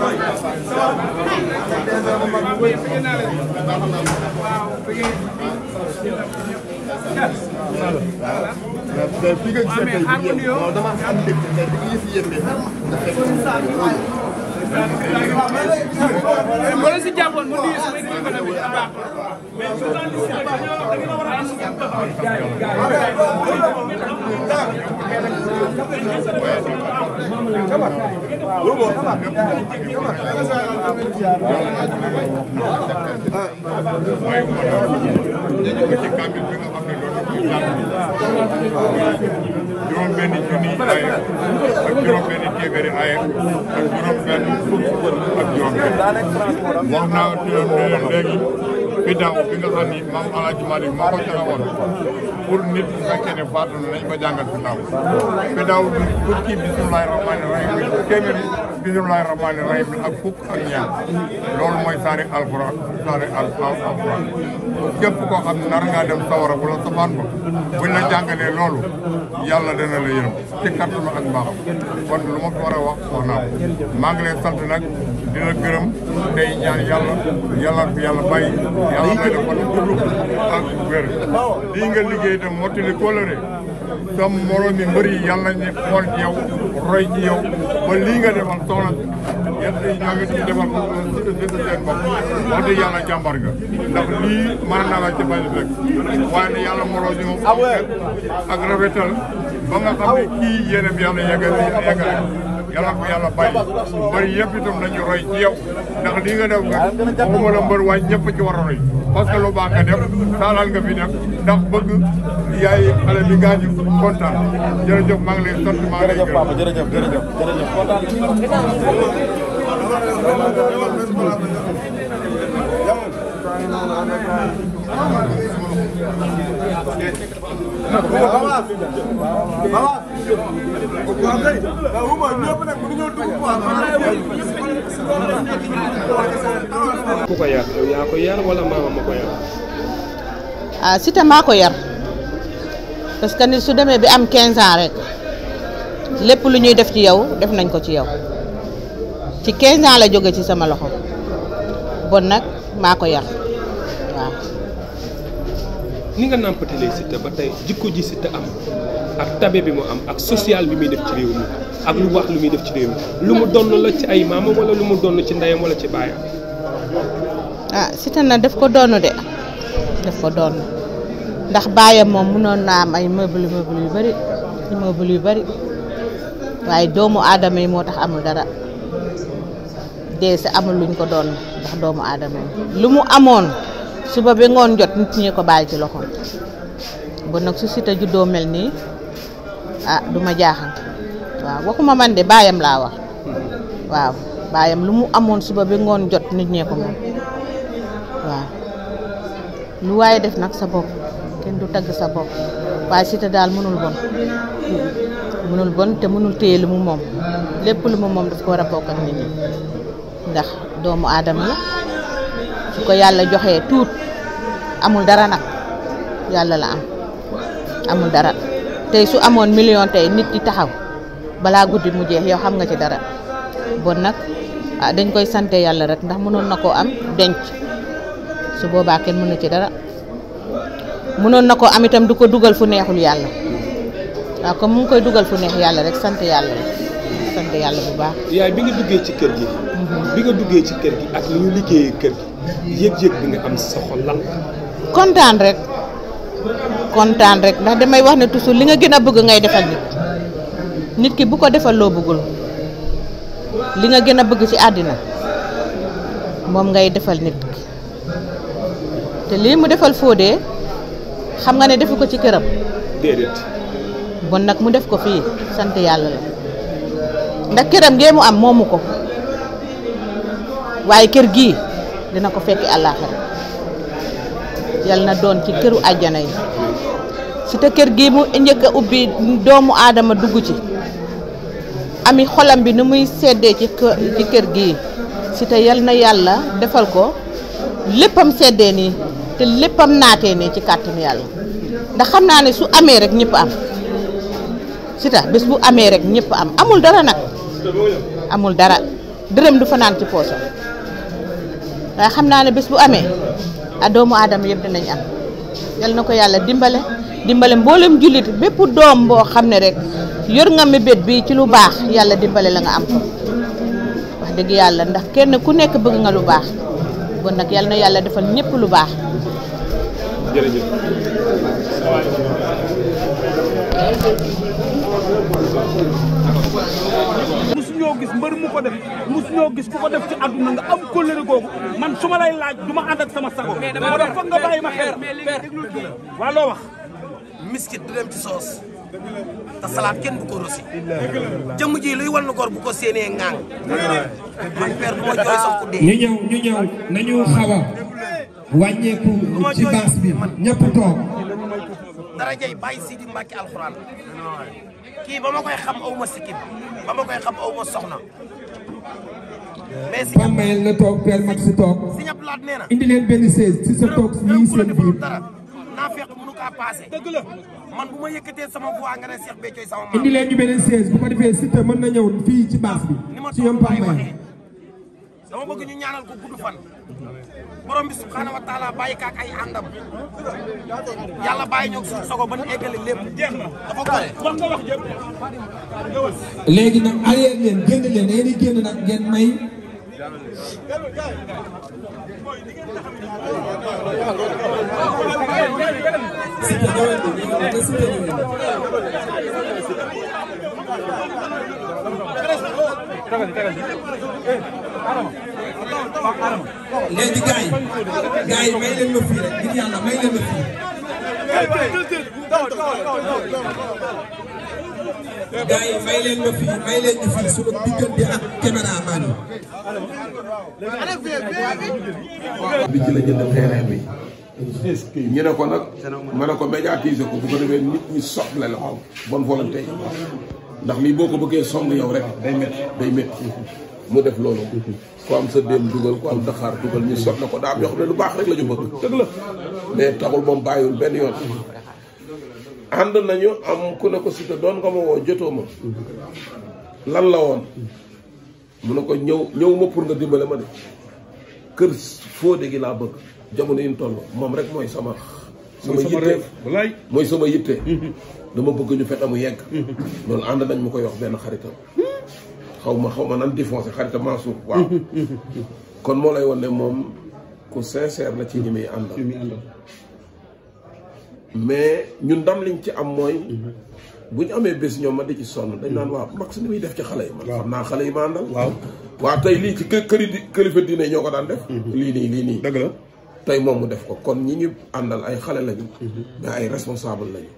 waaw mais xaar nga nuyoo. wala si jàppoon mu nuyu sama kilifa la bi baax mais su daan si rek da ngeen war a am taxaw. juróom benni junni aaya ak benni téeméeri aaya ak juróom benn ak juróom benn wax naa leen léegi bi daaw bi nga xam ni maam El Hadj Malick moo ko tere nit bu ne faatu nañ ko jàngal bi daaw bi daaw du ci bismillahi rahmaani bisimilahi rahmaani rahim la ak fukk ak ñaar loolu mooy saari alquran saari alquran képp koo xam ne nar ngaa dem sawara wala safaan ba buñ la loolu yàlla dana la yërëm ci kattanu ak mbaaxam kon lu ma war a wax wax naa ko di la gërëm tey ñaan yàlla yàlla fi yàlla bàyyi yàlla may def ba nu ak wér lii nga liggéey itam mottali kóolare sam moroom mi mbër yi yàlla nañu xool ci yow roy ci yow ba lii nga defal soxna yéen ñi ñoo defal seen bopp wax dëgg yàlla jàmbar ndax lii mën naa la ci bañ rek waaye ne yàlla moroom ñu ak rafetal ba nga xam kii yéenam yàlla yeggal yeggal yàlla bu yàlla bàyyi mbër yëpp itam nañu roy ndax lii nga def nga waxuma la mbër waaye ñëpp ci war a roy parce def saalal nga fi ndax bëgg yaay xale bi kontaan jërëjëf maa ngi lay sant maa avance ah, avance maa ko yar parce que nit su demee bi am 15 ans rek lépp lu ñuy def ci yow def nañ ko ci yow ci 15 ans la jóge ci sama loxo bon nag maa ko yar waaw ni nga nàmpatalee Siteu ba tey jikko ji Siteu am ak tabe bi mu am ak social bi muy def ci réew mi ak lu wax lu muy def ci réew mi lu mu donn la ci ay maama lu mu donn ci ndeyam wala ci baayam. ah na def ko donn de def ko donn ndax baayam moom mënoon naa am ay meuble meuble yu bari meuble yu bari waaye doomu aadama yi moo tax amul dara dee si amul luñ ko doon ndax doomu aadama yi lu mu amoon. suba ba ngoon jot nit ñi ko bàyyi ci loxoom bon nag su sita ju doo mel nii ah du ma jaaxal waaw waxuma man de baayam laa wax waaw baayam lu mu amoon suba ba ngoon jot nit ñee ko moom waaw lu waaye def nag sa bopp kenn du tagg sa bopp waaye Siteu daal mënul bon mënul bon te mënul téye lu mu moom lépp lu mu moom daf ko war a bokk ak nit ñi ndax doomu aadama su ko yàlla joxee tuut amul dara nag yàlla la am amul dara tey su amoon million tey nit di taxaw balaa guddi mu jeex yow xam nga ci dara bon nag ah, dañ koy sante yàlla rek ndax mënoon na koo am denc su boobaa kenn mënu ci dara mënoon na koo am itam du ko dugal fu neexul yàlla waaw comme mu ngi koy dugal fu neex yàlla rek sant yàlla sant yàlla bu baax. yaay bi nga duggee ci kër gi. Mhm. bi nga duggee ci kër gi ak li liggéeyee kër gi. yëg-yëg bi kontaan rek kontaan rek ndax damay wax ne toujours li nga gën a bëgg ngay defal nit nit ki bu ko defal loo bëggul li nga gën a bëgg ci àddina moom ngay defal nit ki te lii mu defal Fodé xam nga ne defu ko ci këram déedéet bon nag mu def ko fii sant yàlla la ndax këram ngee mu am moomu ko waaye kër gii dina ko fekki àllaaxira yal na doon ci këru àjjana yi si kër gi mu njëkk ubbi doomu aadama dugg ci ami xolam bi ni muy seddee ci kër gi si yal na yàlla defal ko léppam seddee nii te léppam naatee nii ci kàttan yàlla ndax xam naa ne su amee rek ñëpp am si ta bés bu amee rek ñépp am amul dara nag amul dara dërëm du fanaan ci poosam waaye xam naa ne bés bu amee a ah, doomu aadama yëpp dinañ am yal na ko yàlla dimbale dimbale mboolem jullit bépp doom boo xam ne rek yor nga mébét bi ci lu baax yàlla dimbale la nga am wax dëgg yàlla ndax kenn ku nekk bëgg nga lu baax kon nag yàlla na yàlla defal ñépp lu baax. ñoo gis mu ko def gis ku ko def ci àdduna nga am man su ma laaj du ma ànd ak sama sago ma xel waa loo wax miskit du ci soos te salaat kenn du ko rosi jëmm ji luy wal na gor bu ko séenee ŋaang man père du ma jooy sax ku dee ñu ñëw ñu ñëw nañu xawa wàññeeku ci bi ñëpp toog dara jay bàyyi Sidi Mbacke alxuraan kii ba ma koy xam aw ma sikkim ba ma koy xam aw ma soxna. mais si ñëpp na toog père Mat si toog. si ñëpp laat indi leen benn chaise si sa toog nii seen biir. naa fekk mënu kaa man bu ma yëkkatee sama voix nga ne Cheikh Béthio sama maam. indi leen ñu beneen chaise bu ko defee Siteu mën na ñëw fii ci baas bi. ci ñoom Pape Mayel. dama bëgg ñu ñaanal ko gudd borom bi subxanahu wa taala bàyyi kaak ay àndam yàlla bàyyi ñoog suñu sogo ba ñu eggale léegi nag arrière leen génn leen da ngeen génn nag ngeen may. Eh, léegi gars yi gars may leen ma fii rek may leen ma fii. Eh, gars may leen ma fii may leen ñu fii suñu diggante yi. bi la jënd terrain bi. ko nag. ma ne ko médiatiser ko bu ko defee nit ñi soxla la xaw bonne volonté. ndax lii boo ko bëggee song yow rek day métti day métti mu def loolu ku am sa déem dugal ku am daxaar dugal ñu sot na ko daal yoo xam ne lu baax rek la ñu bëgg dëgg la mais taxul bàyyiwul benn yoon ànd nañu am ku ne ko Siteu doon nga ma woo jotoo ma lan la woon mu ne ko ñëw ñëwuma pour nga dimbale ma de kër Fodé gi laa bëgg jamono yi ñu toll moom rek mooy sama sama yitte mooy sama yitte mhm. dama bëgg ñu fet mu yegg mhm. loolu ànd nañ ma koy wax benn xaritam xaw ma xaw ma nan défoncé xaritam Mansour waaw mhm. kon moo lay won ne moom ku sincère la ci ñi muy àndal mais ñun ndam liñ ci am mooy bu ñu amee bés ñoom ma di ci sonn dañ naan waaw max ni muy def ci xale yi man xam naa xale yi ma àndal waaw waa tey lii ci kër këri kilifa diine ñoo ko daan def lii nii lii nii tey moom mu def ko kon ñi ñu àndal ay xale lañu. Mhm. mais ay responsable lañu.